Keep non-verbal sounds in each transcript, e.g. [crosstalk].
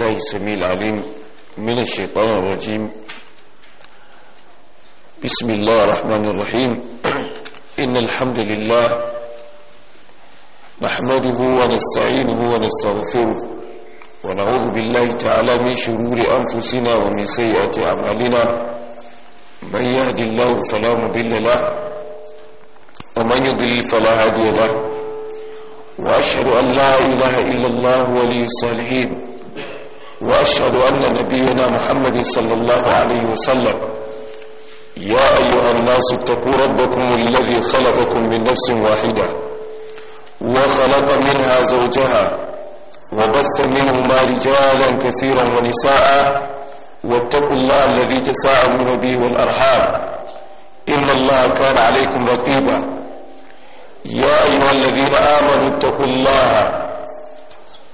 بالله السميع العليم من الشيطان الرجيم بسم الله الرحمن الرحيم [clears throat] إن الحمد لله نحمده ونستعينه ونستغفره ونعوذ بالله تعالى من شرور أنفسنا ومن سيئة أعمالنا من يهد الله فلا مضل له ومن يضلل فلا هادي له وأشهد أن لا إله إلا الله ولي الصالحين وأشهد أن نبينا محمد صلى الله عليه وسلم يا أيها الناس اتقوا ربكم الذي خلقكم من نفس واحدة وخلق منها زوجها وبث منهما رجالا كثيرا ونساء واتقوا الله الذي تساءلون به والأرحام إن الله كان عليكم رقيبا يا أيها الذين آمنوا اتقوا الله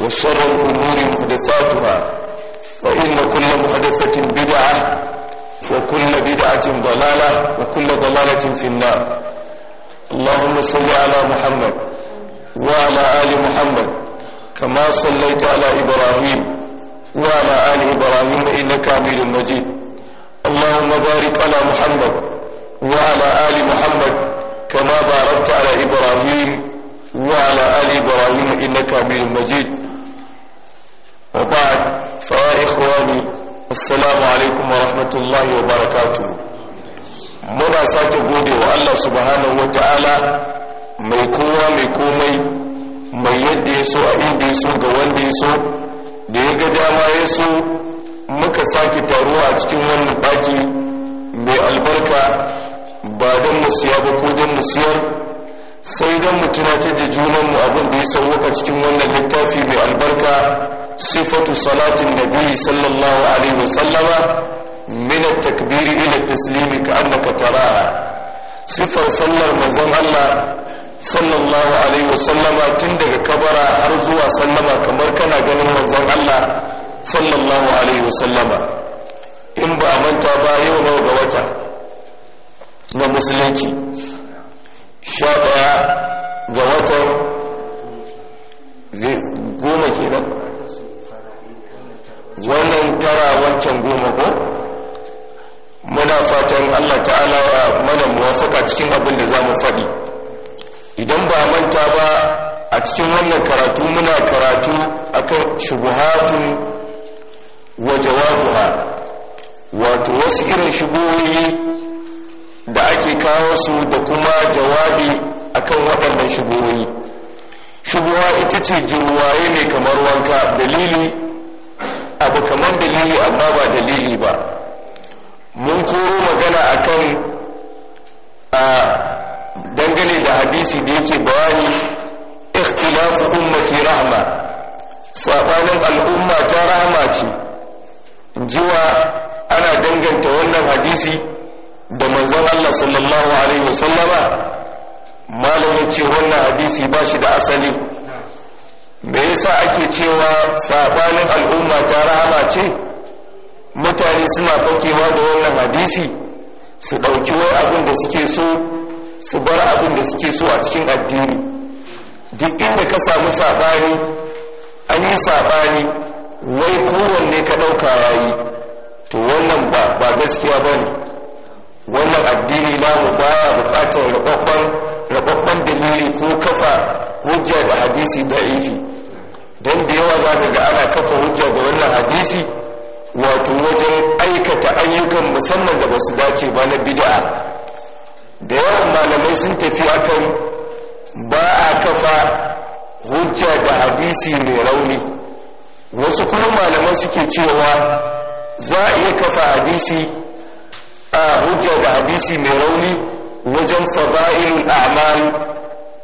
وشر الأمور محدثاتها فإن كل محدثة بدعة وكل بدعة ضلالة وكل ضلالة في النار اللهم صل على محمد وعلى آل محمد كما صليت على إبراهيم وعلى آل إبراهيم إنك حميد مجيد اللهم بارك على محمد وعلى آل محمد كما باركت على إبراهيم وعلى آل إبراهيم إنك حميد مجيد وبعد فيا إخواني السلام عليكم rahmatullahi wa barakatu muna sake gode wa Allah subhanahu wa ta'ala mai kowa mai komai mai yadda ya so a inda ya so ga wanda ya so da ya ga dama ya so muka sake taruwa a cikin wannan ɗaki mai albarka ba don mu siya ba ko don mu siyar sai don mu tunatar da junanmu abin da ya a cikin wannan littafi mai albarka صفة صلاة النبي صلى الله عليه وسلم من التكبير إلى التسليم كأنك تراها صفة صلى المنظم الله صلى الله عليه وسلم تندك كبرا هرزوا سلما كمر كان قال المنظم الله صلى الله عليه وسلم إن بأمنت باهي وموغوتا ومسلمتي شاء ga watan goma kenan wannan tara wancan goma ko muna fatan allah ta'ala ya mana muwafaka cikin abin da za mu faɗi idan ba manta ba a cikin wannan karatu muna karatu akan shubuhatun wa jawabuha wato wasu irin shubuhoyi da ake kawo su da kuma jawabi akan waɗannan shubuhoyi shubuha ita ce jirwaye ne kamar wanka dalili abu kamar dalili amma ba dalili ba mun koro magana kan a dangane da hadisi da yake bayani ikhtilafu ummati rahma sabanin al'umma ta rahma ce jiwa ana danganta wannan hadisi da manzon Allah sallallahu alaihi wasallama malam ya ce wannan hadisi ba shi da asali me yasa ake cewa saɓanin al'umma ta rahama ce mutane suna fakewa da wannan hadisi su ɗauki wai abin da suke so su bar abin da suke so a cikin addini duk inda ka samu saɓani an yi saɓani wai kowanne ka ɗauka yayi to wannan ba gaskiya ba ne wannan addini namu baya buƙatar rababban dalili ko kafa hujja da hadisi da ifi da yawa za ka ga ana kafa hujja da wannan hadisi wato wajen aikata ayyukan musamman da ba su dace ba na bida'a. da yawan malamai sun tafi akan ba a kafa hujja da hadisi mai rauni wasu kuma malamai suke cewa za a iya kafa hadisi a hujja da hadisi mai rauni wajen fada'in a'mal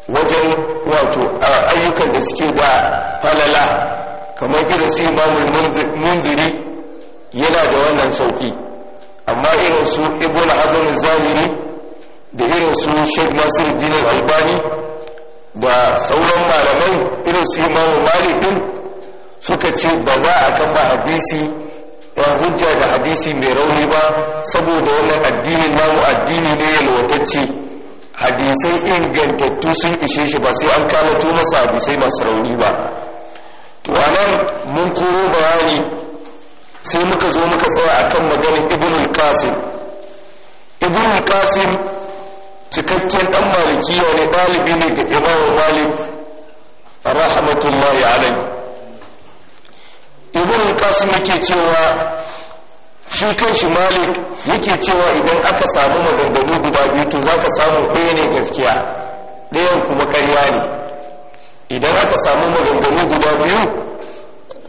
wajen wato ayyukan da suke da falala kamar irin su imamul munziri yana da wannan sauki amma irin su ibn hazm zahiri da irin su sheikh nasir din albani da sauran malamai irin su imamu malik malibin suka ce ba za a kafa hadisi ya eh, hujja da hadisi mai rauni ba saboda wannan addinin namu addini ne ya yalwatacce hadisai ingantattu sun ishe shi ba sai an kalato masa hadisai masu rauni ba to anan mun koro bayani sai muka zo muka tsaya akan maganin ibn al-qasim ibn al-qasim cikakken dan malikiya ne dalibi ne ga imam malik rahmatullahi alaihi ibn al-qasim yake cewa shi kanshi malik yake cewa idan aka samu maganganu guda biyu to za ka samu ɗaya ne gaskiya ɗayan kuma ƙarya ne idan aka samu maganganu guda biyu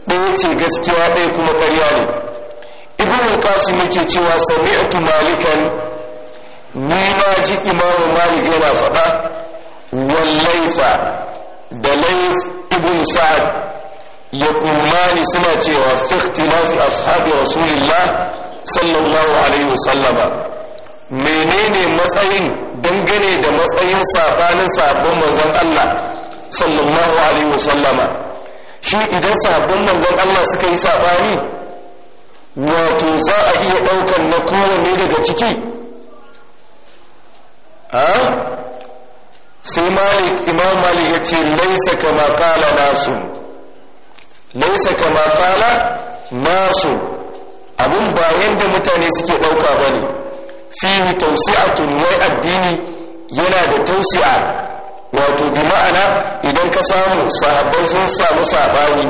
ɗaya ce gaskiya ɗaya kuma ƙarya ne ibn qasim yake cewa sami'tu malikan ni ma ji imamu malik yana faɗa wallaifa da laif ibn sa'ad ya kumani suna cewa fi ashabi rasulillah sallallahu alaihi wasallama menene matsayin dangane da matsayin sabanin sabon manzon Allah sallallahu alaihi wasallama shi idan sabon manzon Allah suka yi sabani wato za a iya ɗaukan na kowanne daga ciki sai malik imam malik ya ce laisa kama kala nasu laisa kama kala masu abin ba yadda mutane suke ɗauka ba ne fihi tausi'atun wai addini yana da tausi'a wato bi ma'ana idan ka samu sahabbai sun samu sabani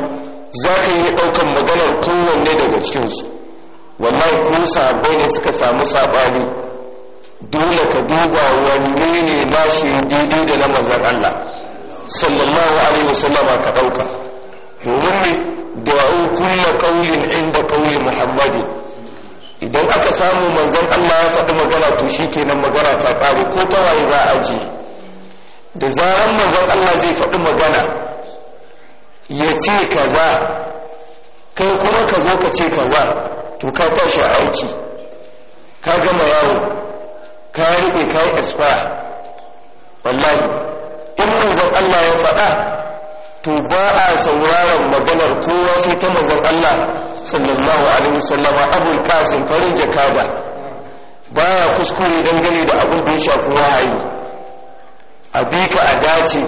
za ka yi ɗaukan maganar kowanne daga cikinsu wallahi ko sahabbai ne suka samu sabani dole ka duba wanne ne na shi daidai da na manzan Allah sallallahu alaihi wasallama ka ɗauka domin ne da'u kulla kaulin inda kauli muhammadi idan aka samu manzon Allah ya faɗi magana to shi kenan magana ta ƙare ko ta waye za a ji da zaran manzon Allah zai faɗi magana ya ce kaza kai kuma ka zo ka ce kaza to ka tashi aiki ka gama yawo ka riƙe ka yi wallahi in manzon Allah ya faɗa to ba a sauraron maganar kowa sai ta manzon Allah sallallahu alaihi wasallama abul qasim farin jakada ba ya kuskure dangane da abin da ya shafi wahayi a bi ka a dace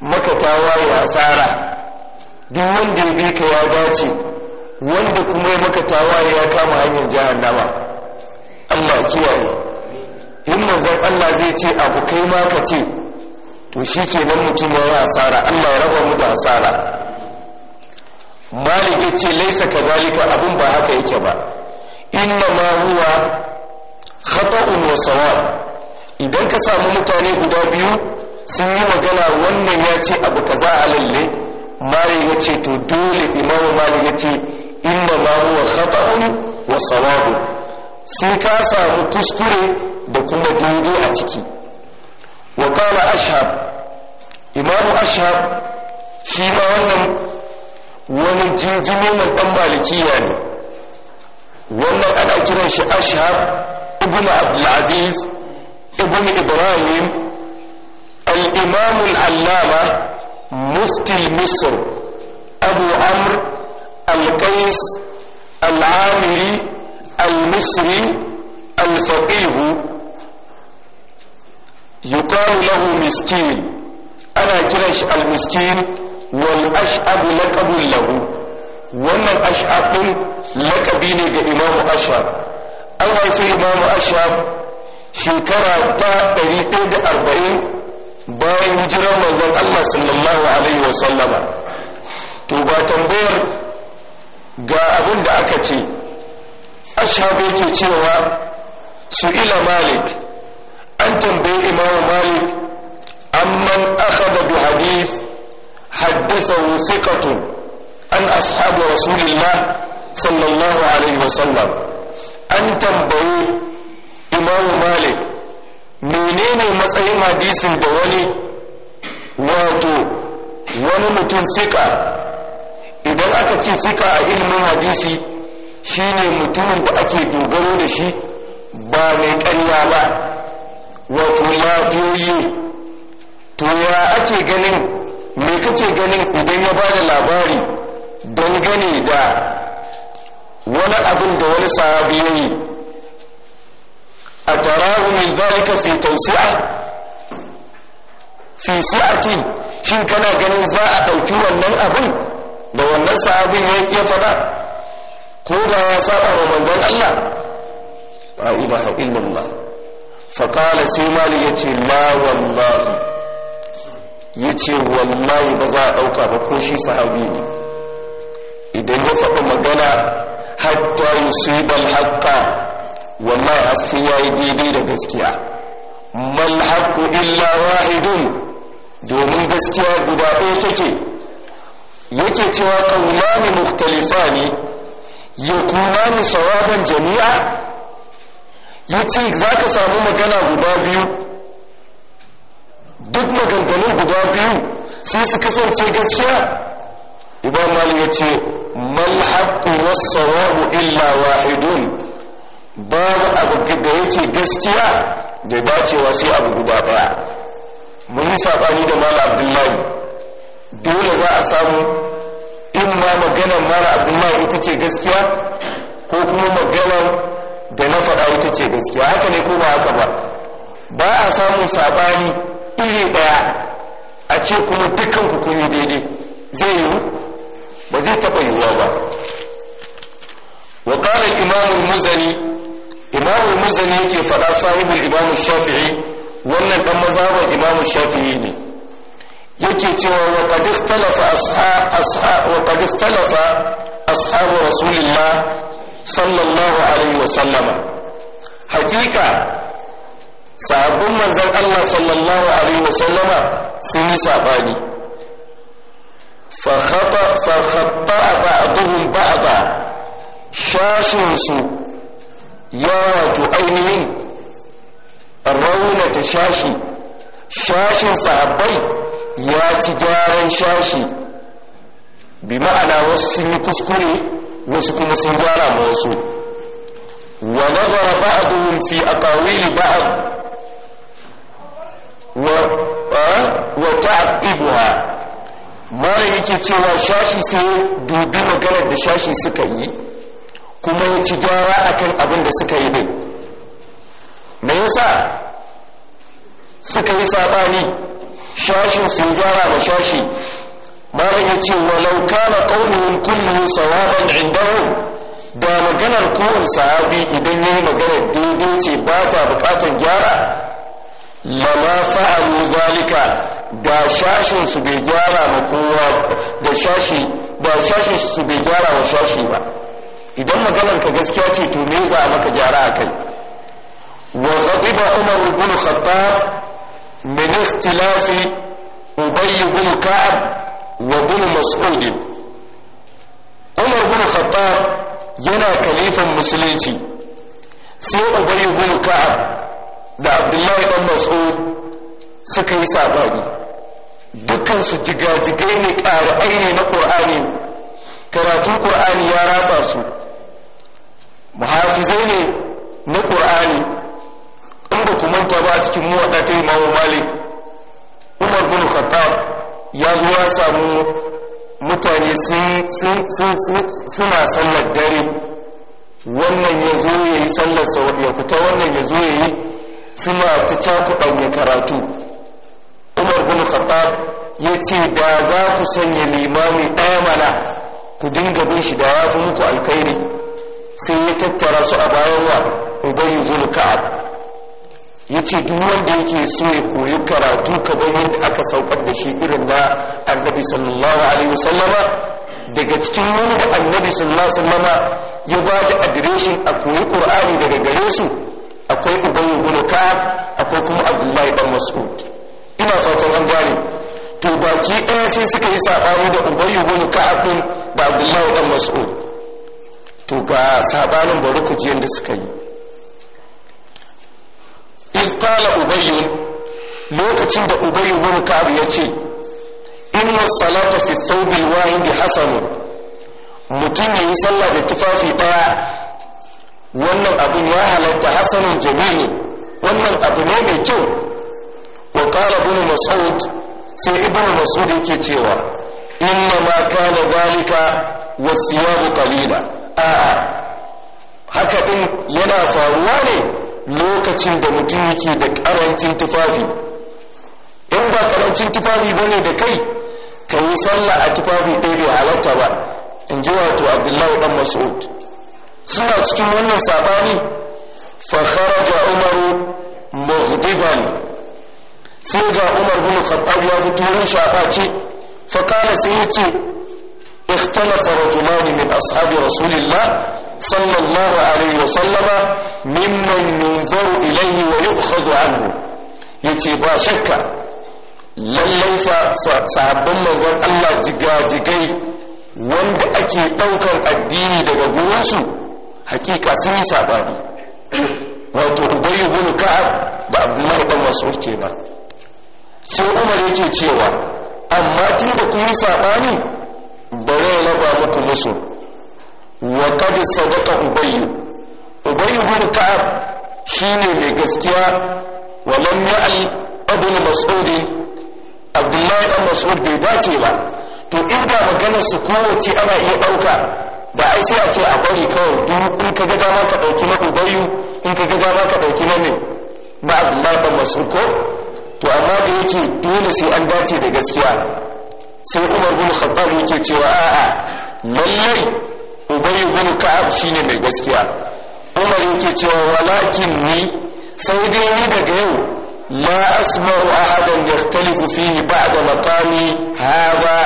maka ta waye asara duk wanda ya bi ka ya dace wanda kuma ya maka ta waye ya kama hanyar jahannama Allah kiyaye Himman zan Allah zai ce abu kai ma ka ce to shi ke nan mutum ya yi asara allah ya raba mu da asara malik ce laisa ka zalika abin ba haka yake ba inna ma huwa khata'un wa sawab idan ka samu mutane guda biyu sun yi magana wannan ya ce abu kaza a lalle malik ya ce to dole imamu malik ya ce inna ma huwa khata'un wa sawab sai ka samu kuskure da kuma dogo a ciki وقال ashab. imamu ashab shi ma wannan wani jinjimi mai ɗan malikiya ne wannan ana kiran shi ashab ibn abdulaziz ibn ibrahim الإمام العلامة مفتي مصر أبو عمرو القيس العامري المصري الفقيه يقال له مسكين ana kiran shi almiskin wal ash'ab laqabun lahu wannan ash'ab din laqabi ne ga imamu ash'ab an haifi imamu ash'ab shekara ta 140 bayan hijirar manzon Allah sallallahu alaihi wa sallama to ba tambayar ga abin da aka ce ash'ab yake cewa su ila malik an tambayi imamu malik حدثه ثقة an أصحاب رسول الله صلى الله عليه وسلم أن تنبئوا إمام مالك منين matsayin hadisin da wani wato wani mutum sika idan aka ce sika a ilimin hadisi shine mutumin da ake dogaro da shi ba mai ƙarya ba wato lafiyoyi to ya ake ganin me kake ganin idan ya ba da labari dangane da wani abin da wani sahabi yi a tarahu min zalika fi tausi'a fi sa'atin shin kana ganin za a ɗauki wannan abin da wannan sahabin ya faɗa ko da ya saba wa manzon Allah ba ilaha illallah fa sai mali yace la wallahi ya ce wallahi ba za a ɗauka ba ko shi sahabi ne idan ya faɗi magana hatta yusibal hatta wallahi har ya yi daidai da gaskiya mal haqqu illa wahidun domin gaskiya guda ɗaya take yake cewa ne ya yakunani sawaban jami'a yace zaka samu magana guda biyu duk maganganun guda biyu sai su kasance gaskiya imam malik ya ce mal haqqu was illa wahidun babu abu da yake gaskiya da dacewa sai abu guda daya mun yi sabani da malam abdullahi dole za a samu in ma maganar mara abdullahi ita ce gaskiya ko kuma maganar da na faɗa ita ce gaskiya haka ne ko ba haka ba ba a samun sabani iri daya a ce kuma dukkan ku kun yi daidai zai yiwu ba zai taɓa yiwuwa ba wa qala imamul muzani imamul muzani yake faɗa sahibul imam shafi'i wannan dan mazhabar imam shafi'i ne yake cewa wa qad ikhtalafa wa qad ashabu rasulillah sallallahu alaihi wa sallama hakika Sabin manzon Allah sallallahu alaihi wasallama sun yi sabani fa khatta ba'dhum ba'da shashin ya wato ainihin raunata shashi shashin sahabbai ya ci gyaran shashi bi ma'ana wasu sun yi kuskure wasu kuma sun gyara ma wasu wa nazara ba'dhum fi aqawili ba'd wa ta'abibuha mara yake cewa shashi sai dubi maganar da shashi suka yi kuma ya ci gyara akan abin da suka yi din me yasa suka yi sabani shashin sun gyara ma shashi mara ya ce wa lauka na kaunin kullum sawaban indahum da maganar kowane sahabi idan yayi maganar daidai ce ba ta bukatar gyara mama fa'alu zalika da shashin su bai gyara ma kowa da shashi da shashin su bai gyara wa shashi ba idan maganar ka gaskiya ce to me za a maka gyara a kai wa ghadiba umar ibn khattab min ikhtilaf ubay ibn ka'ab wa ibn mas'ud umar ibn khattab yana kalifan musulunci sai ubay ibn ka'ab da abdullahi dan mas'ud suka yi sabani dukansu jigajigai ne ƙara aini na ƙur'ani karatun ƙur'ani ya ratsa su muhafizai ne na ƙur'ani inda kuma ta ba cikin muwaɗa ta imamu malik umar bin khattab ya zo ya samu mutane suna sallar dare wannan ya zo ya yi sallarsa ya fita wannan ya zo ya yi suna ta ya karatu umar bin khattab ya ce da za ku sanya limami ɗaya mana ku dinga bin shi da ya fi muku alkhairi sai ya tattara su a bayan wa ubayi bin ka'ab ya ce duk wanda yake so ya koyi karatu ka kamar yadda aka saukar da shi irin na annabi sallallahu alaihi wasallama daga cikin wani da annabi sallallahu alaihi wasallama ya ba da adireshin a koyi ƙur'ani daga gare su akwai ubayi bin ka'ab akwai kuma abdullahi dan mas'ud ina fatan an gane to baki ɗaya sai suka yi saɓani da ubayi bin ka'ab din da abdullahi dan mas'ud to ga sabanin bari ku ji yadda suka yi iz qala lokacin da ubayy bin ka'ab ya ce inna salata fi thawb wa wahid hasan mutum yi sallah da tufafi daya wannan abin ya halatta hasanun jami'i wannan abu ne mai kyau wa qala bunu mas'ud sai ibn mas'ud yake cewa inna ma kana zalika wasiyabu qalila a'a haka din yana faruwa ne lokacin da mutum yake da karancin tufafi in ba karancin tufafi bane da kai ka yi sallah a tufafi ɗaya bai halatta ba in ji wato abdullahi ɗan mas'ud suna cikin wannan saɓani fahara ga umaru mahudiban sai ga umar bin khattab ya fito wurin shafaci fa kana sai yace ikhtalata rajulan min ashabi rasulillah sallallahu alaihi wa sallama mimman yunzaru ilayhi wa yu'khadhu anhu yace ba shakka lallai sahabban mazan Allah jigai. wanda ake ɗaukar addini daga gurin hakika sun yi sabani wato ubayu bin ka'ab da abdullahi dan mas'ud kenan sai umar yake cewa amma tun da kun yi sabani bari raba muku musu wa kad sadaqa ubayyu ubayu bin ka'ab shine mai gaskiya wa lam ya'i ibn mas'ud abdullahi dan mas'ud bai dace ba to inda maganar su kowace ana iya dauka ba ai sai a ce a bari kawai duk in ka ga dama ka dauki na ubayu in ka ga dama ka dauki na ne ba abdullahi dan mas'ud ko to amma da yake dole sai an dace da gaskiya sai umar bin khattab yake cewa a'a lallai ubayu bin ka'ab shine mai gaskiya umar yake cewa walakin ni sai dai ni daga yau ma asma'u ahadan yahtalifu fihi ba'da maqami hada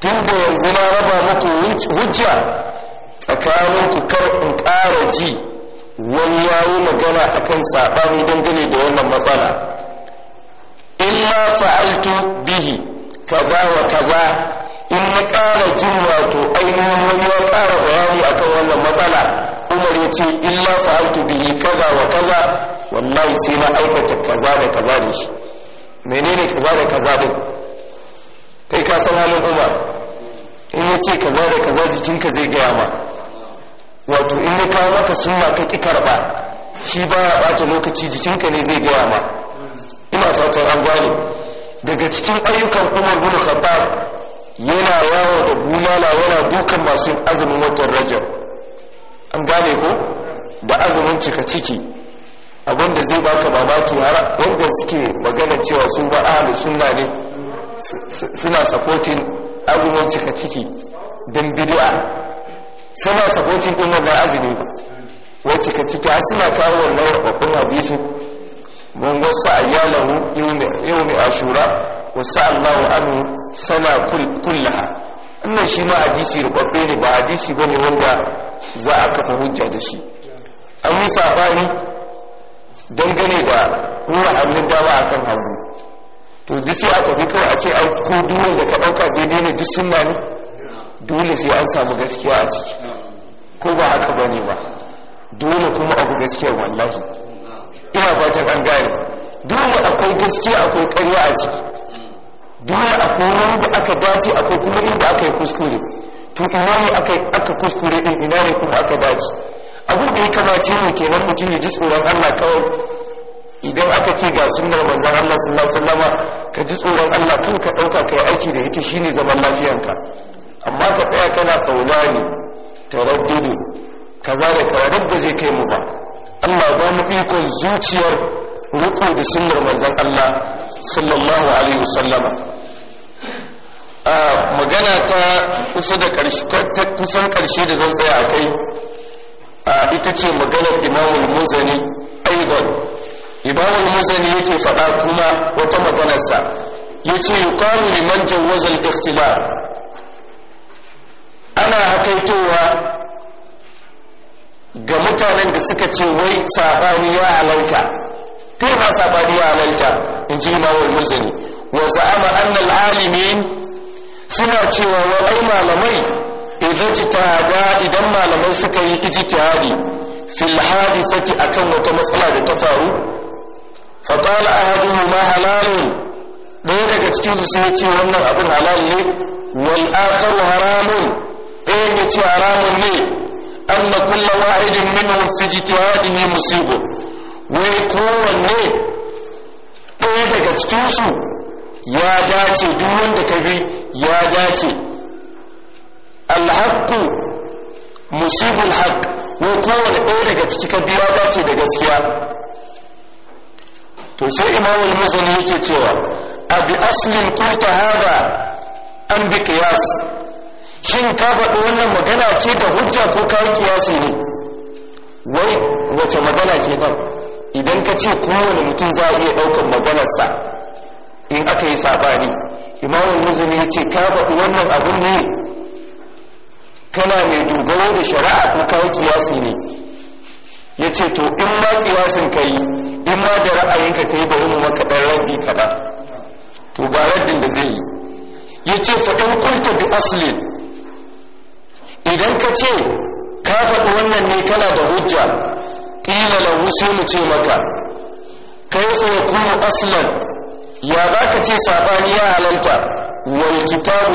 tun da yanzu na raba muku hujja tsakanin ku kar in ƙara ji wani yawo magana akan saɓani dangane da wannan matsala in ma fa'altu bihi kaza wa kaza in na ƙara jin wato ainihin wani ya ƙara bayani akan wannan matsala umar ya ce in ma fa'altu bihi kaza wa kaza wallahi sai na aikata kaza da kaza da shi menene kaza da kaza din kai ka san halin umar in ya ce kaza da kaza jikinka zai gaya ma wato in ya kawo maka sunna ka ki karba shi ba ya bata lokaci jikinka ne zai gaya ma ina fatan an gane daga cikin ayyukan umar bin khattab yana yawo da bulala yana dukan masu azumin watan rajab an gane ko da azumin cika ciki abinda zai baka mamaki har wanda suke magana cewa su ba ahli sunna ne suna supporting abubuwan cika ciki don bid'a suna sakotin ɗin wannan azumi wa cika ciki a suna kawo wannan babban hadisi mun wasu ayyalahu mai ashura wasu allahu anu sana kullaha Annan shi ma hadisi rubabbe ne ba hadisi ne wanda za a kafa hujja da shi an yi sabani dangane da nuna hannun dama akan hannu? to duk sai a tafi kawai a ce ko duwan da ka ɗauka daidai ne duk sun mani dole sai an samu gaskiya a ciki ko ba haka ba ne ba dole kuma abu gaskiya wallahi ina fatan an gane dole akwai gaskiya akwai ƙarya a ciki dole akwai wani da aka dace akwai kuma inda aka yi kuskure to ina ne aka kuskure din ina ne kuma aka dace abin da ya kamace ne kenan mutum ya ji tsoron Allah kawai idan aka ce ga sunnar manzon Allah sallallahu alaihi wasallama ka ji tsoron Allah kan ka dauka kai aiki da ita shine zaman lafiyanka amma ka tsaya kana kaulani taraddudu kaza da kaza da zai kai mu ba Allah ba mu ikon zuciyar riko da sunnar manzon Allah sallallahu alaihi wasallama a magana ta kusa da karshe kusan karshe da zan tsaya a kai. ita ce maganar imamul muzani aidan imamul muzani yake faɗa kuma wata maganarsa ya ce yuqalu liman jawwaza ana hakaitowa ga mutanen da suka ce wai sabani ya halalta kai ba sabani ya halalta in ji imamul muzani wa za'ama annal alimin suna cewa wa ai malamai idan jitihada idan malamai suka yi ijtihadi fil hadithati akan wata matsala da ta faru فقال ahaduhu ma halalun ɗaya daga cikin su sai ce wannan abin halal ne wal akhar haramun ɗaya ya ce haramun ne amma kullu wahidin minhum fi jitihadihi musibu wai kowanne ɗaya daga cikin su ya dace duk wanda ka bi ya dace alhaqqu musibul haqq wai kowanne ɗaya daga ciki ka bi ya dace da gaskiya to sai imamu al-muzani yake cewa abi bi aslin kulta hada an bi qiyas shin ka faɗi wannan magana ce da hujja ko ka kiyasi ne wai wace magana ke nan idan ka ce kowane mutum za a iya ɗaukar maganarsa in aka yi sabani imamu al ya ce ka faɗi wannan abun ne kana mai dogaro da shari'a ko ka kiyasi ne yace to in ma kiyasin ka yi in ma da ra'ayinka kai bari mu maka dan raddi ba. to ba raddin da zai yi yace fa in kunta bi aslin idan ka ce ka faɗi wannan ne kana da hujja ƙila lahu sai mu ce maka kai saya yakunu aslan ya za ka ce saɓani ya halalta wal kitabu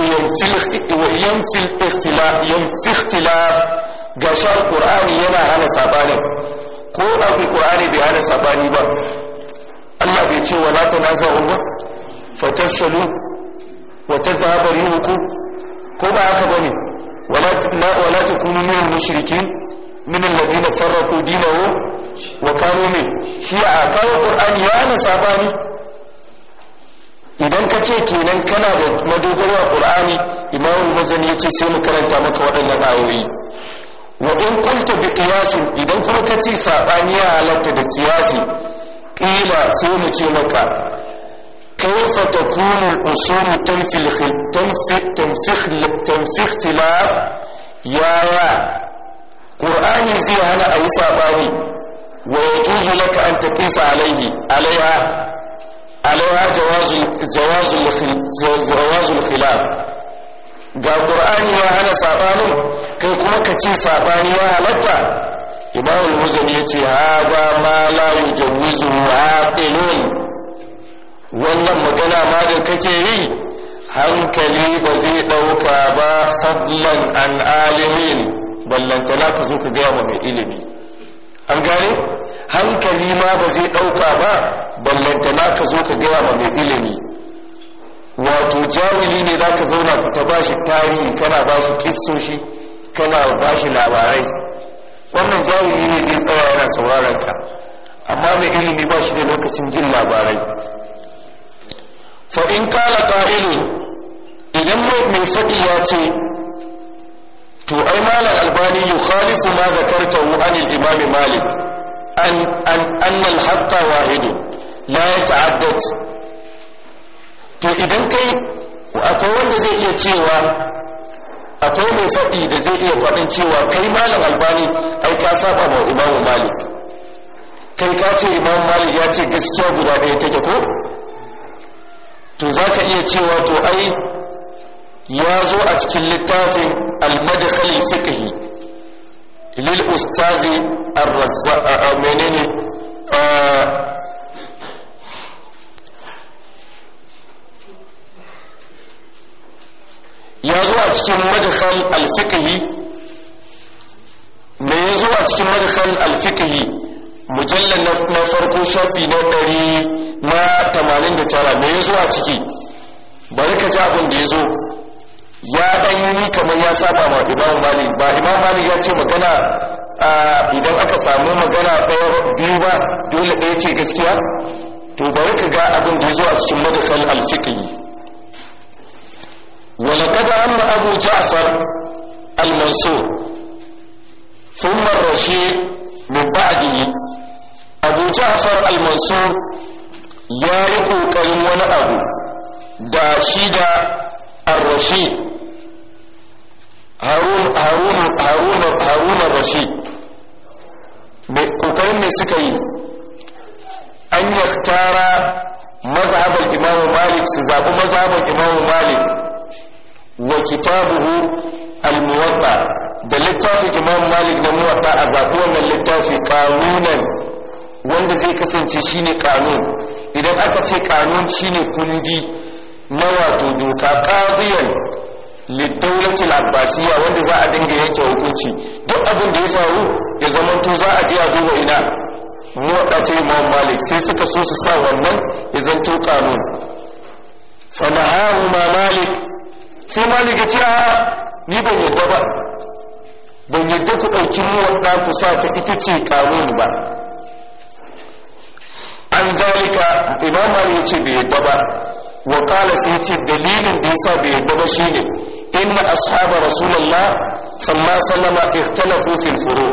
yanfi ikhtilaf gashi alqur'ani yana hana saɓanin ko ku qur'ani bai hana sabani ba Allah bai ce wala tanaza'u ba fatashalu wa tadhhabu rihukum ko ba haka bane wala wala kunu min mushrikin min alladhina farraqu dinahum wa kanu min a kawo qur'ani ya hana sabani idan ka ce kenan kana da madogaro a qur'ani imamu mazani ya ce sai mu karanta maka waɗannan ayoyi wa in kulta bi idan kuma ka saɓani sabani ya halatta da qiyasi Ƙila sai mu ce maka kayfa takunu al-usul tanfil tanfil tanfil qur'ani zai hana a yi sabani wa yajuzu laka an taqisa alaihi alaiha alaiha khilaf ga ƙur'ani ya hana saɓanin kai kuma ka ce saɓani ya halatta imam muzani ya ce haza ma la yujawizu aqilun wannan magana ma da kake yi hankali ba zai ɗauka ba fadlan an alimin na ka zo ka gaya wa mai ilimi an gane hankali ma ba zai ɗauka ba na ka zo ka gaya wa mai ilimi wato jawili ne za ka zauna ka ta bashi tarihi kana bashi kissoshi kana bashi labarai wannan jawili ne zai tsaya yana sauraron ka amma mai ilimi ba shi da lokacin jin labarai fa in kala ƙa'ilu idan mai faɗi ya ce to ai malam albani yukhalifu ma zakartahu anil imami malik an an an al hatta wahidu la yata'addad to idan kai akwai wanda zai iya cewa akwai mai faɗi da zai iya faɗin cewa kai malam albani ai ka saba ma imamu malik kai ka ce imamu malik ya ce gaskiya guda ɗaya take ko to za ka iya cewa to ai ya zo a cikin littafin almadkhali fiqhi lil ustazi ar-razzaq menene ya zo a cikin madakal alfiqhi me ya zo a cikin madakal alfiqhi mujallal na farko shafi na ɗari na tamanin da tara me ya zo a ciki bari ka ji abin da ya zo ya ɗan yi kamar ya saba ma imam malik ba imam malik ya ce magana idan aka samu magana ɗaya biyu ba dole ɗaya ce gaskiya to bari ka ga abin da ya zo a cikin madakal alfiqhi ولقد أمر أبو جعفر المنصور ثم الرشيد من بعده أبو جعفر المنصور يا يكو كريم أبو داشيد الرشيد هارون هارون هارون هارون الرشيد kokarin ne أن يختار مذهب الإمام مالك imamu مذهب الإمام مالك wa buhu al-muwatta da littafin imam malik na muwatta a zaɓi wannan littafi kanunan wanda zai kasance shine kanun idan aka ce kanun ne kundi na wato doka qadiyan littaulatul abbasiya wanda za a dinga yanke hukunci duk abin da ya faru ya zamanto za a je a duba ina muwaɗa ta imam malik sai suka so su sa wannan ya zanto kanun fa nahahu ma malik sai malik ya ce a ni ban yadda ba ban yadda ku ɗauki muwadda ku sa ta ita ce ba an zalika imam ya ce bai yadda ba wa kala sai ce dalilin da yasa bai yadda ba shine inna ashaba rasulullah sallallahu alaihi wasallam ikhtalafu fil furu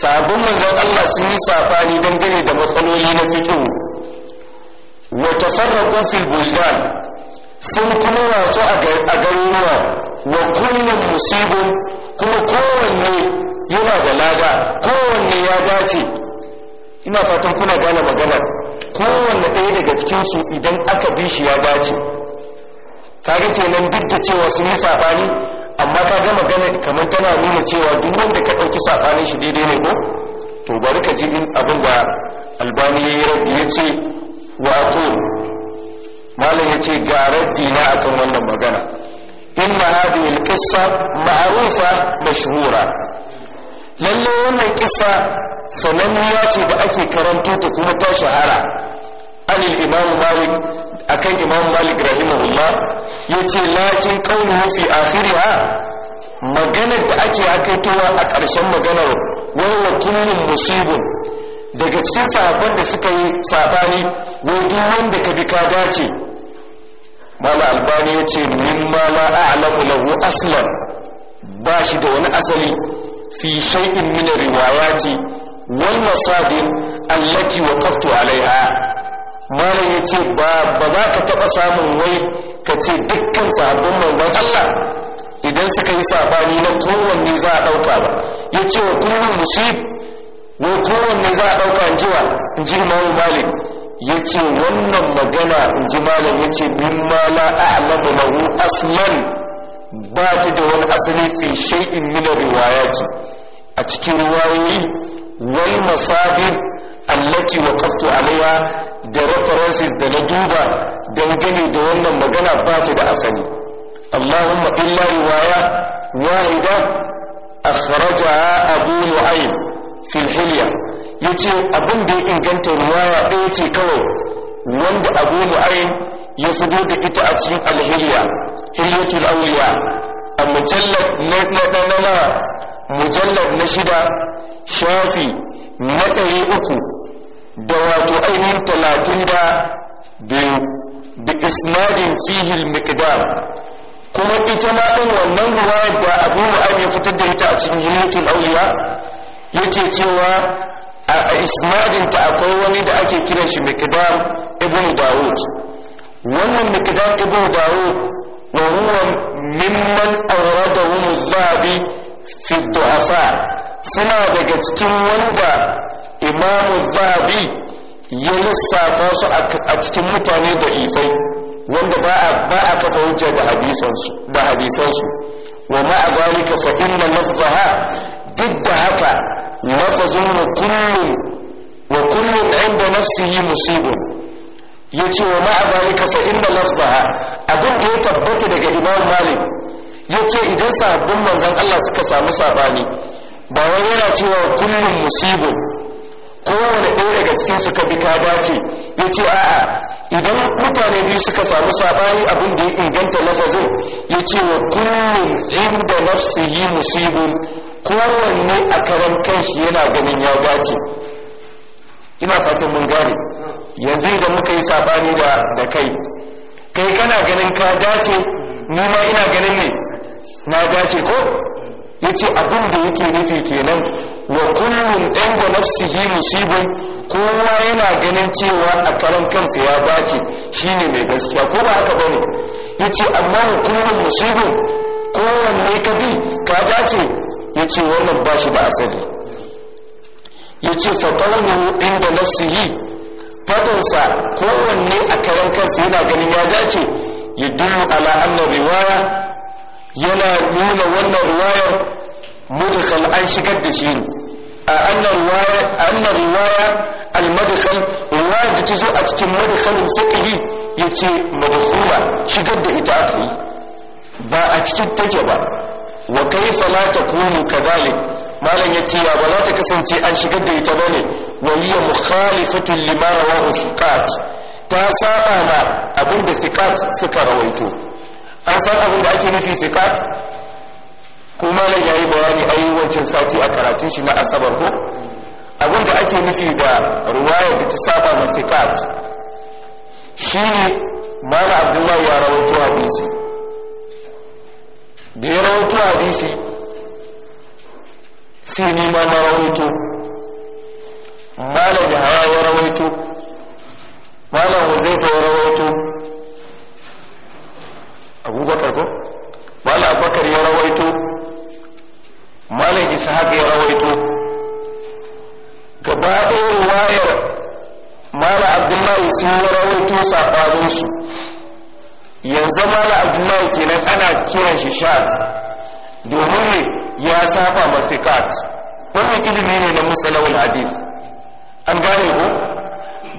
sabon manzon Allah sun yi safani dangane da matsaloli na fito. wa tafarraqu fil sun kuma wato a garuruwa wa kullum musibin kuma kowanne yana da lada kowanne ya dace ina fatan kuna gane magana kowanne ɗaya daga cikinsu idan aka bi shi ya dace kaga kenan duk da cewa sun yi saɓani amma ka ga magana kamar tana nuna cewa duk wanda ka ɗauki saɓanin shi daidai ne ko to bari ka ji in abin da albani ya yi rabi ya ce wato malam ya ce ga raddi na akan wannan magana inna hadhihi al ma'rufa mashhura lalle wannan kissa ya ce da ake karanto ta kuma ta shahara an imam malik akan imam malik rahimahullah yace lakin qawluhu fi akhiriha magana da ake akaitowa a ƙarshen maganar wannan kullum musibun daga cikin sahabban da suka yi sabani wai duk wanda ka bi ka dace Malam albani ya ce mimma la a'lamu lahu aslan ba shi da wani asali fi shay'in min riwayati wal masadir allati waqaftu alaiha mala ya ce ba za ka taɓa samun wai ka ce dukkan sabbin manzon Allah idan suka yi sabani na kowanne za a ɗauka ba ya ce wa kullum musib wa kowanne za a ɗauka in ji malik ya ce wannan magana in ji malam ya ce mimma la a'lamu lahu aslan ba ta da wani asali fi shay'in min riwayati a cikin riwayoyi wal masabir allati waqaftu alaiha da references da na duba dangane da wannan magana ba ta da asali allahumma illa riwaya wahida akhrajaha abu nu'aym fi al-hilya ya ce abin da ya inganta ruwaya ɗaya ce kawai wanda abu mu'ayin ya fito da ita a cikin alheriya, hiliyatul auliya a mujallar na shida shafi na ɗari uku da wato ainihin talatin da biyu da isnadin fihil miqdam kuma ita ma ɗin wannan ruwa da abu mu'ayin ya fitar da ita a cikin hiliyatul auliya yake cewa a ta akwai wani da ake kiran shi mikdam ibn dawud wannan mikdam ibn dawud wa huwa mimman awradahum az-zabi fi du'afa suna daga cikin wanda imamu zabi ya lissafa su a cikin mutane da ifai wanda ba a kafa hujja da hadisansu wa ma'a zalika fa inna lafzaha duk da haka lafazin wa kullum wa kullum inda nafsihi musibun yace wa ma'a zalika fa inna lafzaha abin da ya tabbata daga imam malik yace idan sabbin manzon Allah suka samu sabani ba wai yana cewa kullum musibun kowane ɗaya daga cikin suka bi ka dace yace a'a idan mutane biyu suka samu sabani abin da ya inganta lafazin yace wa kullum inda nafsihi musibun kowanne a karan kanshi yana ganin ya dace ina fatan mun gane yanzu idan muka yi sabani da da kai kai kana ganin ka dace ni ma ina ganin ne na dace ko yace abin da yake nufi kenan wa kullun inda nafsihi musibun kowa yana ganin cewa a karan kansa ya dace shine mai gaskiya ko ba haka bane yace amma wa kullun musibun kowanne ka bi ka dace ya ce wannan ba shi da asali ya ce faƙaunin inda nafsihi fadinsa kowanne a karan kansa yana ganin ya dace ya duru ala annar riwaya yana nuna wannan riwayar mudkhal an shigar da shi a annar riwaya al-madkhal riwaya da ta zo a cikin madkhalin fiqhi yace madkhula shigar da ita aka yi ba a cikin take ba wa kaifa la takunu kadhalik malam yace ya ba za ta kasance an shigar da ita bane wa hiya mukhalifatun lima rawahu thiqat ta saba na abin da suka rawaito an san abin da ake nufi thiqat kuma malam yayi bayani ayi wancan sati a karatun shi na asabar ko abin da ake nufi da ruwaya da ta saba ma thiqat shine malam abdullahi ya rawaito hadisi da ya rawaito hadisi sai ni ma na rawoto malam da hawa ya rawaito malam huzaifa ya rawoto abubakar ko malam abubakar ya rawaito malam ishaq ya rawoto gaba ɗaya ruwayar malam abdullahi sun rawaito saɓaninsu yanzu Malam abdullahi kenan ana kiran shi shaz domin ne ya saba mafikat wannan ilimi ne na mus'alawar hadis an gane ko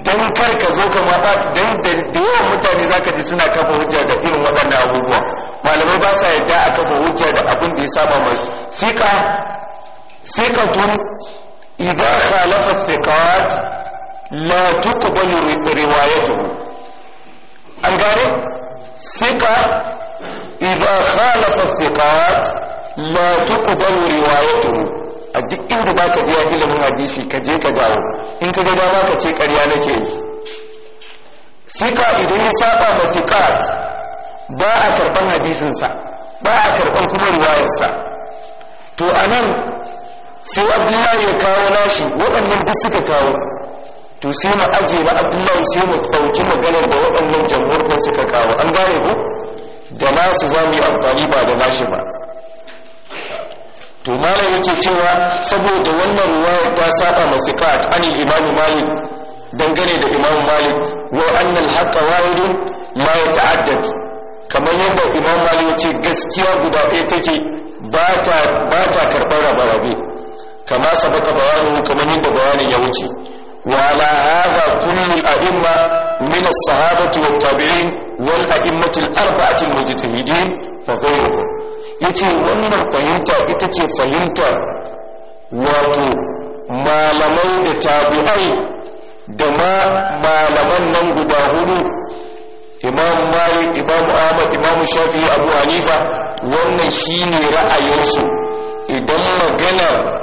Don kar ka zo ka mabat da yawan mutane zaka ji suna kafa hujja da irin waɗannan abubuwa malamai ba sa yadda a kafa hujja da abin da ya saba mai sika sikatun idza khalafa thiqat la riwayatuhu an gane ثقة إذا خالف الثقات ما تقبل روايته a duk inda ba ka jiya ilimin hadisi ka je ka dawo in ka ga ba ka ce karya nake yi Sika idan ya saba ma fikat ba a karban hadisinsa ba a karban kuma riwayarsa to anan sai abdullahi ya kawo nashi waɗannan duk suka kawo to sai mu aje ba abdullahi sai mu dauki maganar da waɗannan ba suka kawo an gane ku da nasu za mu yi amfani ba da nashi ba to malam yake cewa saboda wannan ruwaya ta saba masikat an imam malik dangane da imam malik wa annal haqa wahidun la yata'addad kamar yadda imam malik ya ce gaskiya guda ɗaya take ba ta karɓar rabe-rabe kamar sabaka bayanin kamar yadda bayanin ya wuce وعلى هذا كل الأئمة من الصحابة والتابعين والأئمة الأربعة المجتهدين فغيرهم يتي wannan fahimta ita ce fahimtar wato malamai da tabi'ai da ma malaman nan guda hudu imam malik imam ahmad imam shafi abu hanifa wannan shine ra'ayinsu idan magana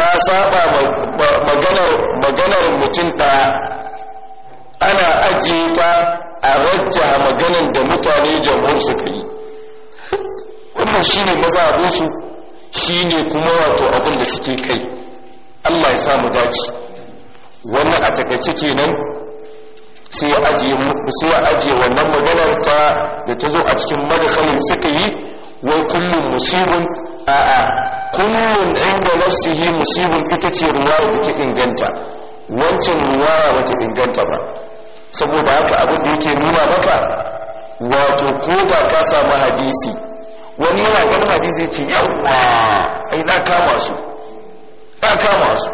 ta saba maganar maganar mutunta ana ajiye ta a rajja maganar da mutane jamhur ka yi wannan shine su shine kuma wato abin da suke kai Allah ya samu dace wannan a takaice kenan sai ya ajiye wannan maganar ta da ta zo a cikin madakhalin suka yi wa kullum musibin a'a kullun inda nafsihi musibun ita ce ruwa da ta inganta wancan ruwa ba ta inganta ba saboda haka abin da yake nuna maka wato ko da ka samu hadisi wani yana ganin hadisi ce yawa ai na kama su na kama su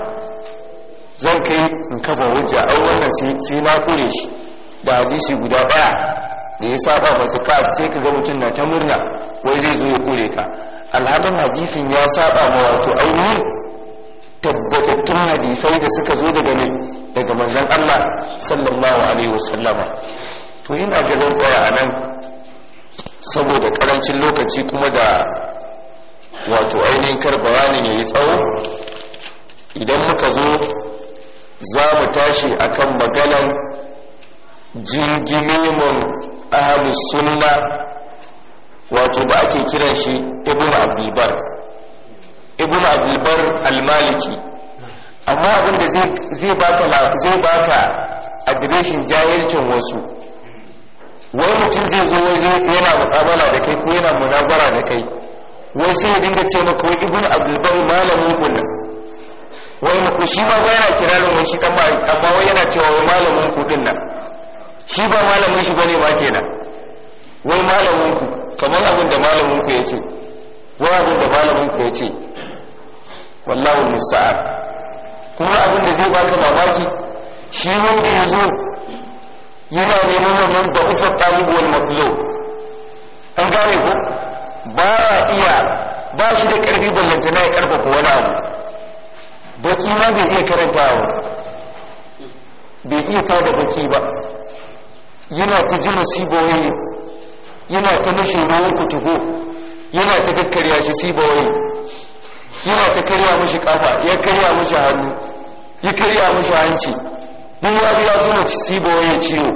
zan kai in kafa hujja a wannan sai na kure shi da hadisi guda baya da ya saba masu ka sai ka ga mutum na ta murna wai zai zo ya kure ka alhalin hadisin ya saba ma wato ainihin tabbatattun hadisai da suka zo daga mai daga manzon Allah sallallahu alaihi wasallama to ina ga tsaya a nan saboda karancin lokaci kuma da wato ainihin karbawa ne yayi tsawo idan muka zo za mu tashi akan maganan jingimin ahlus sunna wato da ake kiran shi ibn abdulbar ibn abdulbar almaliki amma abinda zai baka zai baka adireshin jahilcin wasu wai mutum zai zo waje yana mukamala da kai ko yana munazara da kai wai sai ya dinga ce maka wai ibn abdulbar malamin kullum wai mu shi ba ba yana kirarin wai shi dan amma wai yana cewa wai malamin ku din nan shi ba malamin shi bane ba kenan wai malamin ku kamar abin da malamin ku ya ce wani abin da malamin ku ya ce wallahu musta'an kuma abin da zai baka mamaki shi wanda ya zo yana neman wannan da ufa talib wal mablu an gane ko ba iya ba shi da karfi ballantana ya karfafa wani abu baki ma bai iya karanta abu bai iya tada baki ba yana ta ji musiboyi yana ta mashi ruwan kutugo yana ta kakkarya shi siba wai yana ta karya mashi kafa ya karya mashi hannu ya karya mashi hanci duk ya biya tuna siba wai ciwo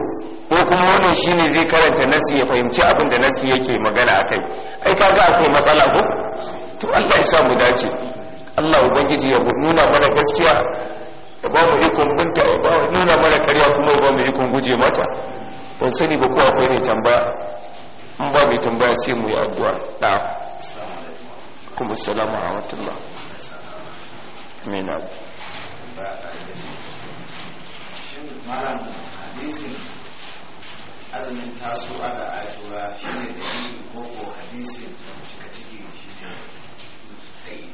ko kuma wannan shine zai karanta nasi ya fahimci abin da nasi yake magana akai ai kaga akwai matsala ko to Allah ya sa mu dace Allah ubangiji ya nuna mana gaskiya ya ba mu ikon binta ya nuna mana karya kuma ya ba mu ikon guje mata ban sani ba ko akwai ne tambaya in ba mai tambaya sai mu yi addu'a da kuma salamu a watullah mai na malam hadisin azumin tasu'a da ashura shi ne da yi koko hadisin cika ciki shi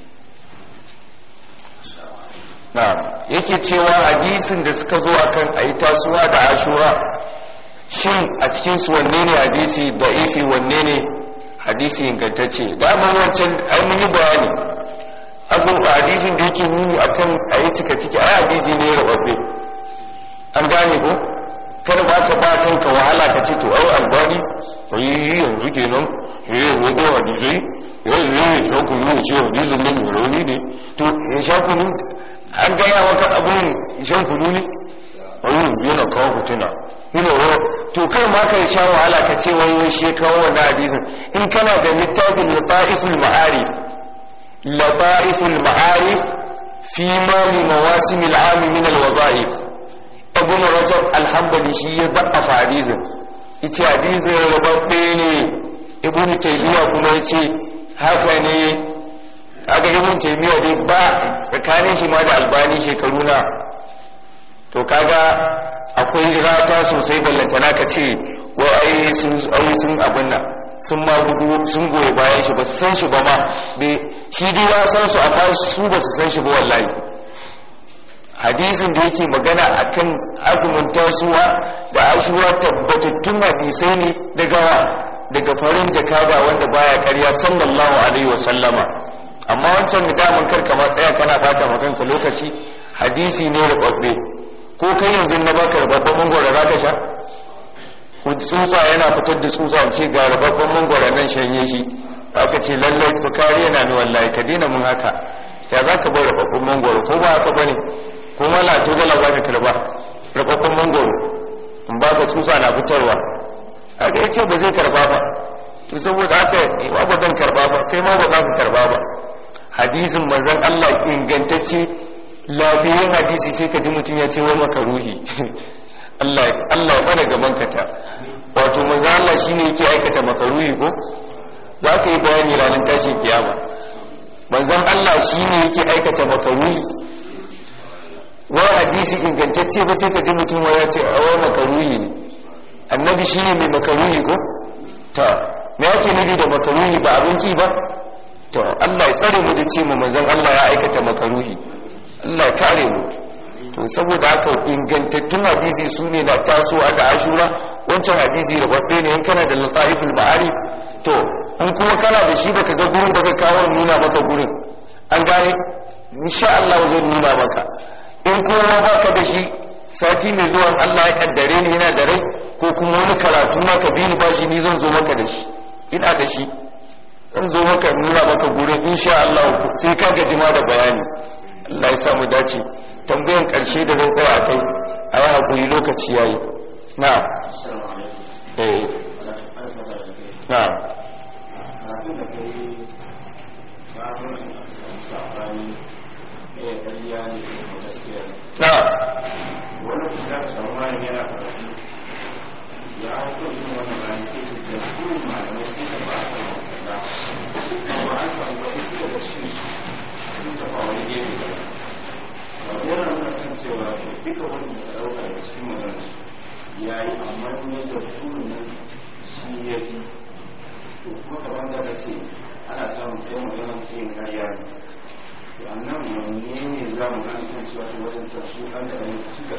ne yake cewa hadisin da suka zo akan ayi tasowa da ashura shin a cikinsu wanne ne hadisi da ifi wanne ne hadisi ingantacce da amma wancan ainihin bayani azun hadisin da yake nuni akan a yi cika ciki a hadisi ne ya rababbe an gane ko kada ba ka ba kanka wahala ka ce to ai albani to yi yanzu kenan yi wato hadisai yi yi ya shaku yi ce hadisin nan da rauni ne to ya sha kunu an gaya ka abin shan kunu ne a yanzu yana kawo fitina you know to kar ma ka sha wahala ka ce wai wai shi kawo hadisin in kana da littafin lata'isul ma'arif lata'isul ma'arif fi ma min mawasim al-am min al-wazaif ibn rajab alhambali shi ya dabba hadisin yace hadisin rababbe ne ibn taymiya kuma yace haka ne kaga ibn taymiya dai ba tsakanin shi ma da albani shekaru na to kaga akwai rata sosai ballantana ka ce wa ai sun abin nan sun ma sun goyi bayan shi ba su san shi ba ma shi dai ya san su amma su ba su san shi ba wallahi hadisin da yake magana akan azumin tasuwa da ashura tabbatattun hadisai ne daga daga farin jakaba wanda baya karya sallallahu alaihi wa sallama amma wancan da kar karka ma tsaya kana bata maganka lokaci hadisi ne da kwabbe ko kai yanzu na baka rababban mangwara za ka sha tsutsa yana fitar da tsutsa ce ga rababban mangwara nan shanye shi aka ce lallai ka kare yana ni wallahi ka dina mun haka ya za ka bar rababban mangwaro ko ba haka bane ko mala tugala za ka karba rababban mangwaro in ba ka tsutsa na fitarwa aka yace ce ba zai karba ba to saboda haka ba eh, ba zan karba ba kai ma ba za ka karba ba hadisin manzon Allah ingantacce lafiyar hadisi sai ka ji mutum ya ce wa makaruhi Allah Allah mana gaban ta wato manzo Allah shine yake aikata makaruhi ko za ka yi bayani ranar tashin kiyama manzon Allah shine yake aikata makaruhi wa hadisi ingantacce ba sai ka ji mutum ya ce a makaruhi ne annabi shine mai makaruhi ko ta me yake nabi da makaruhi ba abinci ba to Allah ya tsare mu da ce mu manzon Allah ya aikata makaruhi Allah kare mu to saboda haka ingantattun hadisi su ne na taso ga ashura wancan hadisi da babbe ne in kana da lataiful ma'ari to in kuma kana da shi baka ga gurin baka kawo nuna maka gurin an gane insha Allah zai nuna maka in kuma baka da shi sati mai zuwan Allah ya kaddare ni yana da rai ko kuma wani karatu maka bi ni bashi ni zan zo maka da shi ina da shi zan zo maka nuna maka gurin insha Allah sai ka gaji ma da bayani Allah ya samu dace tambayan karshe da zan tsaya kai a yi hakuri lokaci ya yi na eh. na na duka wani ɗauka da cikin magana ya yi amma shi ya yi to kuma ka ce ana samun kai magana kariya to annan ne za mu gani kan cewa ta wajen ta su an da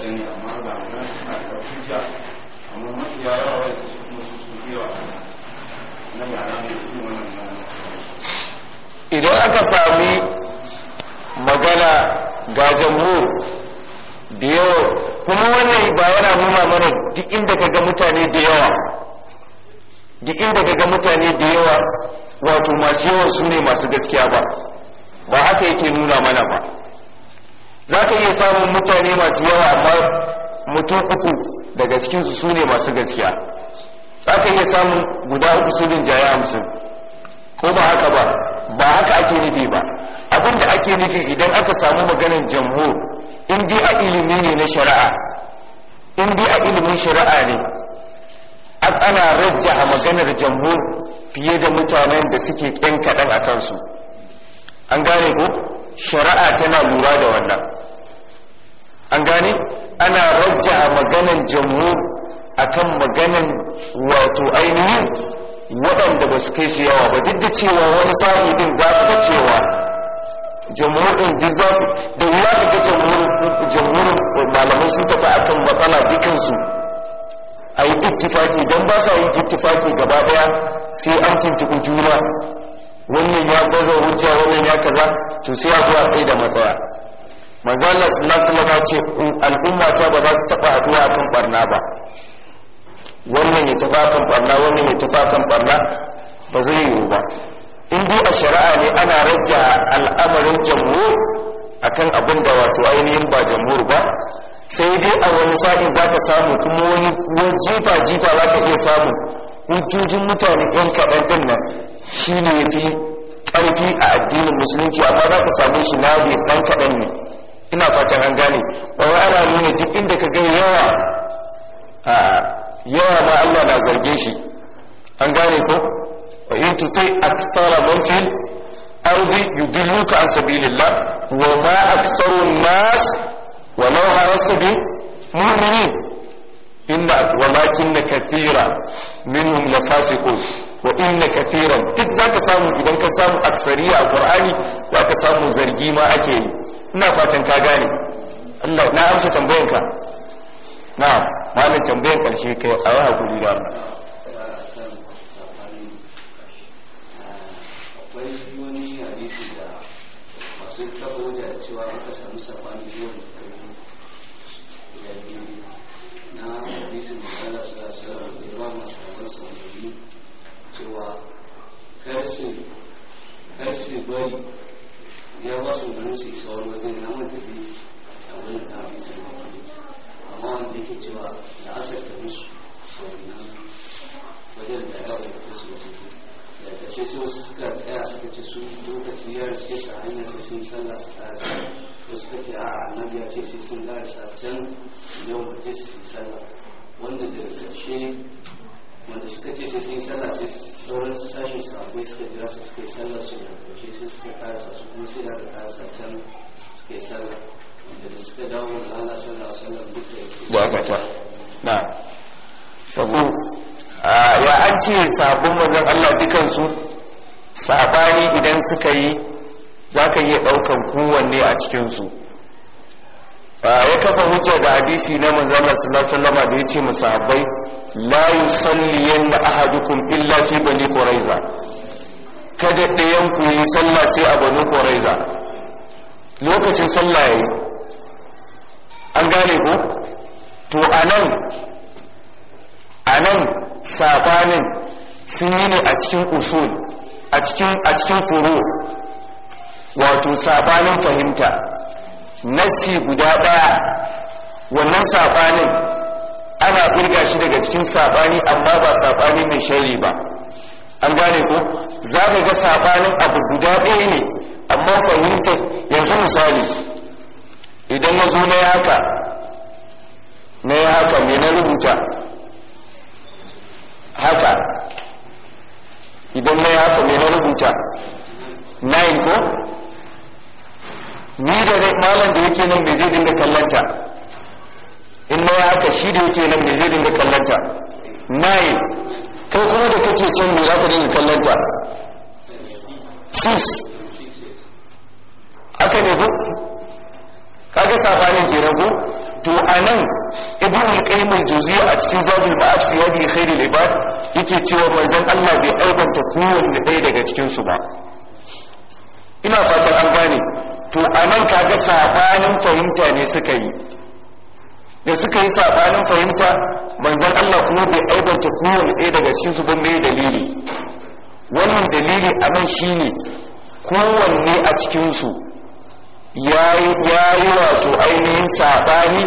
sani amma ba a nan suna da hujja amma mafi yawa wani su su kuma su su biyo a yara ne su wannan idan aka sami magana ga jamhur da yawa kuma wannan ba yana nuna mana duk inda ka ga mutane da yawa duk inda ka ga mutane da yawa wato masu yawan su ne masu gaskiya ba ba haka yake nuna mana ba za ka iya samun mutane masu yawa amma mutum uku daga cikinsu su ne masu gaskiya za ka iya samun guda uku su jaya hamsin ko ba haka ba ba haka ake nufi ba abinda ake nufi idan aka samu maganin jamhur in dai a ilimi ne na shari'a in dai a ilimin shari'a ne ana a maganar jamhur fiye da mutanen da suke ƙyan kaɗan a kansu an gane ko shari'a tana lura da wannan an gane ana a maganar jamhur akan maganar wato ainihin waɗanda ba su kai su yawa ba duk da cewa wani sa'i din za ga cewa jamhurin duk za su da ya ka jamhurin malamai sun tafi akan matsala dukansu a yi ittifaki don ba sa yi ittifaki gaba daya sai an tuntuku juna wannan ya gwaza hujja wannan ya kaza to sai a zuwa tsaye da matsaya manzo Allah sallallahu alaihi ce al'umma ta ba za su taba a akan barna ba wannan ya tafi akan barna wannan ya tafi akan barna ba zai yiwu ba in dai a shari'a ne ana rajja al'amarin a akan abin da wato ainihin ba jamhur ba sai dai a wani sa'in za ka samu kuma wani jifa jifa za ka iya samu hujjojin mutane yan kaɗan ɗin nan shi ne fi ƙarfi a addinin musulunci amma za ka samu shi na ɗan kaɗan ne ina fatan an gane ba ana nuna duk inda ka gani yawa yawa ma Allah na zarge shi an gane ko وإن تطيع أكثر من في الأرض يضلوك عن سبيل الله وما أكثر الناس ولو حرصت بمؤمنين إن ولكن كثيرا منهم لفاسقون وإن كثيرا duk zaka samu idan ka samu aksari a Qur'ani zaka zargi ma ake yi ina fatan ka gane Allah na amsa tambayanka na malam tambayan hakuri da bari ya ba su garin su isa wani wajen na manta zai a wajen da a sai ba wani amma wanda yake cewa da asar ta musu wajen da ya wadata su wasu da ƙarshe sai wasu suka tsaya suka ce su lokaci ya riske su a hanyar sai sun sallah su ƙara wasu suka ce a'a annabi ya ce sai sun ƙara sa can yau ba su sallah wanda da ƙarshe wanda suka ce sai sun sallah sai sauran sashen akwai suka jira su suka yi sallah su da karshe sai suka karasa su kuma sai da aka karasa can suka yi sallah wanda da suka dawo da ala sallah sallah duk da yake ba ka ba na sabo ah, ya an ce sabon manzon Allah dukansu sabani idan suka yi za ka iya ɗaukan kowanne a cikinsu ah, ya kafa hujja da hadisi na manzon Allah sallallahu alaihi wasallam da ya ce musabbai la yusalliyanna ahadukum illa fi bani quraiza kada ɗayan ku yi sallah sai a bani koraiza lokacin sallah yayi an gane ku to anan anan sabanin sun yi ne a cikin usul a cikin a cikin furu wato sabanin fahimta nassi guda ɗaya wannan sabanin ana burga shi daga cikin sabani amma ba sabani mai shari ba an gane ko za ka ga sabanin abu guda ɗaya ne amma fahimta yanzu misali idan na zo na yi haka na ya haka mai na rubuta haka idan na yi haka mai na rubuta nine ko ni da malam da yake nan bai zai dinga kallanta in ma haka shi da yake nan da zai dinga kallanta nine kai kuma da kake can me za ka dinga kallanta six haka ne ku kaga safanin ke ku to nan ibn al-qayyim al-juziyya a cikin zabul ba'at fi hadi khair al-ibad yake cewa manzon Allah bai aibanta kowanne ɗaya daga cikin su ba ina fatan an gane to a nan kaga safanin fahimta ne suka yi da suka yi sabanin fahimta manzan Allah kuma bai aibanta kowane ɗaya daga cikin su ban mai dalili wannan dalili a nan ne. kowanne a cikinsu. ya yi wato ainihin sabani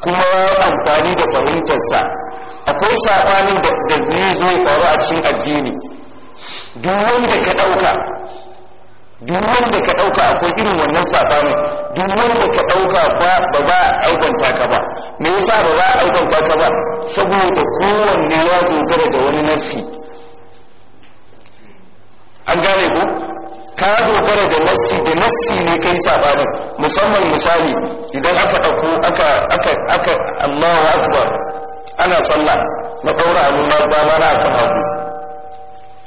kuma ya amfani da fahimtarsa akwai sabanin da zai zo faru a cikin addini duk wanda ka ɗauka duk wanda ka ɗauka akwai irin wannan sabanin wanda ka ɗauka ba ba a aikanta ka ba me yasa ba ba a ka ba saboda kowanne ya dogara da wani nassi an gane ku ka dogara da nassi da nassi ne kai sabanin musamman misali idan aka ɗauko aka aka aka Allahu akbar ana sallah na ɗaura amma ba na akan hagu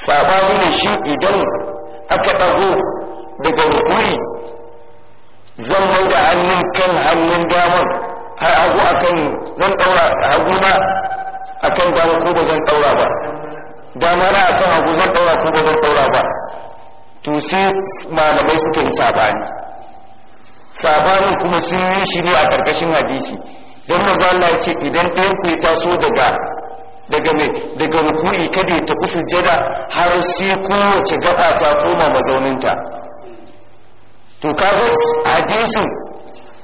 sabanin shi idan aka ɗago daga rukuri zan mai da hannun kan hannun damar har hagu kan zan ɗaura hagu na kan damar ko ba zan ɗaura ba dama na a kan hagu zan ɗaura ko ba zan ɗaura ba to sai malamai suka yi sabani sabani kuma sun yi shi ne a ƙarƙashin hadisi don manzo ya ce idan ɗayan ku ya taso daga daga mai daga ruku'i kada ta kusa jada har sai kowace gaba ta koma mazauninta to kaga hadisin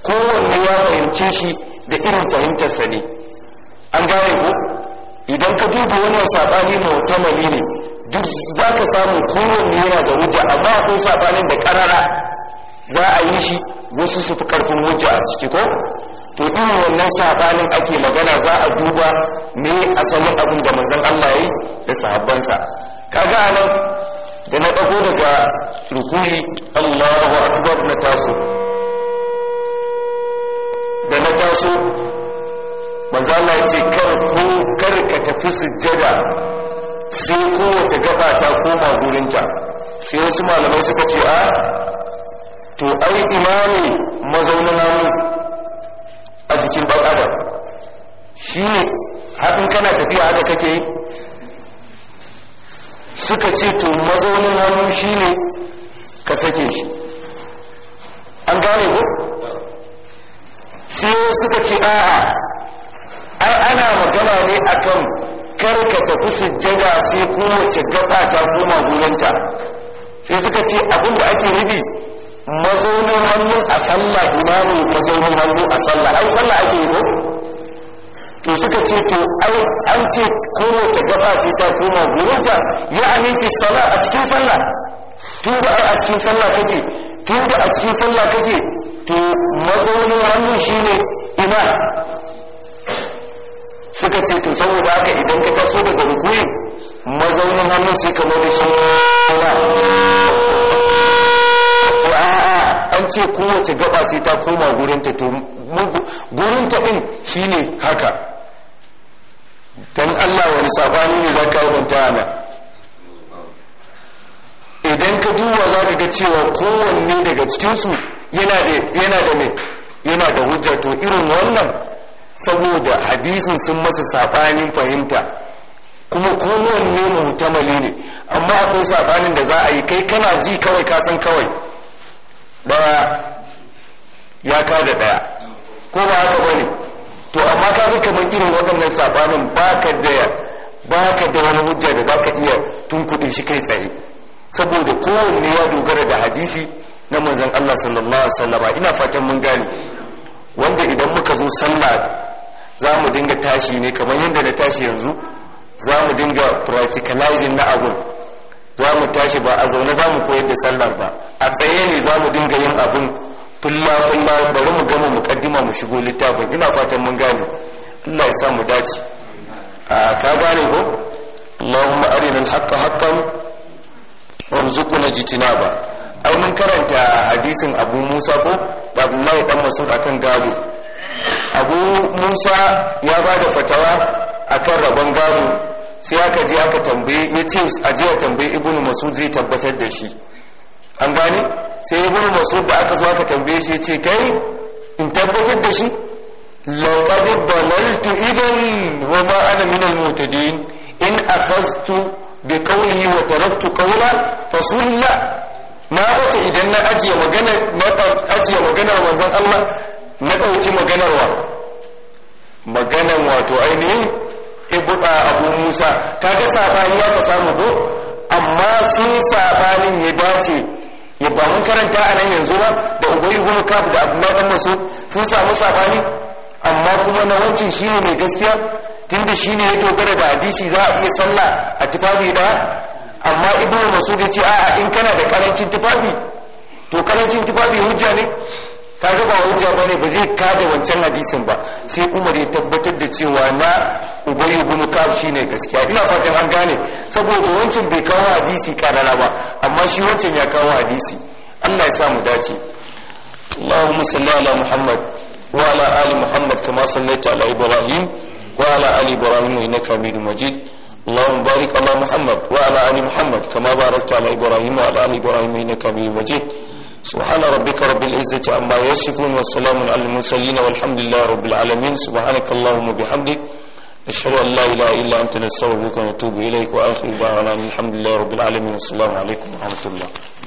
kowanne ya fahimce shi da irin sa ne an gane ko idan ka duba wannan saɓani mutamali ne duk za ka samu kowanne yana da wuja amma akwai saɓanin da ƙarara za a yi shi wasu su fi ƙarfin wuja a ciki ko to irin wannan sabanin ake magana za a duba ne asalin abin da manzon Allah yi da sahabbansa kaga nan da na dago daga rukuni Allahu akbar na taso da na taso manzo Allah ya ce kar ku kar ka tafi sujjada sai kowace gaba ta koma gurinta sai wasu malamai suka ce a to ai imani mazaunin namu a jikin ɗan adam shi ne haɗin kana tafiya haka kake yi suka ce to mazaunin hannu shi ne ka sake shi an gane ko sai suka ce a'a ai ana magana ne akan kar ka tafi sujjada sai kowace gaba ta koma gurinta sai suka ce abin da ake nufi mazaunin hannu a sallah imamu mazaunin hannu a sallah ai sallah ake yi ko to suka ce to an ce kowace gaba sai ta koma gurinta ya anifi sallah a cikin sallah tun da a cikin sallah kake tun da a cikin sallah kake to mazaunin hannu shine ina suka ce to saboda haka idan ka taso daga rukuni mazaunin hannu sai ka mai da shi ina a'a an ce kowace gaba sai ta koma gurinta to gurinta din shine haka don allah wani sabani ne za ka hukunta ana idan ka duba za ka ga cewa kowanne daga cikinsu yana da yana yana da hujja to irin wannan saboda hadisin sun masa sabanin fahimta kuma kowanne mutamali ne amma akwai sabanin da za a yi kai kana ji kawai kasan kawai ba ya ka da daya ko ba haka bane to amma ka ga kamar irin waɗannan sabanin baka da baka da wani hujja da baka iya tun tunkuɗin shi kai tsaye saboda kowanne ya dogara da hadisi na manzon Allah sallallahu alaihi wasallama ina fatan mun gane wanda idan muka zo sallah za mu dinga tashi ne kamar yadda na tashi yanzu za mu dinga practicalizing na abun za mu tashi ba a zaune ba mu koyar da sallar ba a tsaye ne za mu dinga yin abin fulla fulla bari mu gama kaddima mu shigo littafin ina fatan mun gane Allah ya sa mu dace a ka gane ko Allahumma arina al-haqqa haqqan warzuqna jitinaba ai mun karanta hadisin Abu Musa ko da Abdullahi dan Mas'ud akan gado Abu Musa ya bada fatawa akan rabon gado sai aka je aka tambaye ya ce a jiya tambaye ibn masud zai tabbatar da shi an gane sai ibn masud da aka zo aka tambaye shi ya ce kai in tabbatar da shi laqad dalaltu idan wa ma ana min al-mutadin in akhadtu bi qawlihi wa taraktu qawla rasulillah na bata idan na ajiye magana na ajiye maganar manzon Allah na dauki wa maganan wato ainihin abu musa kaga sabani ya ta samu ko amma sun sabanin ya dace ya ba mun karanta a nan yanzu ba da ubayi ibn kaf da abu dan masu sun samu sabani amma kuma na wancin shine mai gaskiya tunda shine ya dogara da hadisi za a iya sallah a tufafi da amma ibu masud ya ce a'a in kana da karancin tufafi to karancin tufafi hujja ne kaga ba hujja bane ba zai kada wancan hadisin ba sai Umar ya tabbatar da cewa na Ubay ibn Ka'ab shine gaskiya ina fatan an gane saboda wancan bai kawo hadisi karara ba amma shi wancan ya kawo hadisi Allah ya sa mu dace اللهم صل على محمد وعلى آل محمد كما صليت على إبراهيم وعلى آل إبراهيم إنك حميد مجيد اللهم بارك على محمد وعلى آل محمد كما باركت على إبراهيم وعلى آل إبراهيم إنك حميد مجيد سبحان ربك رب العزة عما يصفون والسلام على المرسلين والحمد لله رب العالمين سبحانك اللهم وبحمدك أشهد أن لا إله إلا أنت نستغفرك ونتوب إليك وآخر دعوانا الحمد لله رب العالمين والسلام عليكم ورحمة الله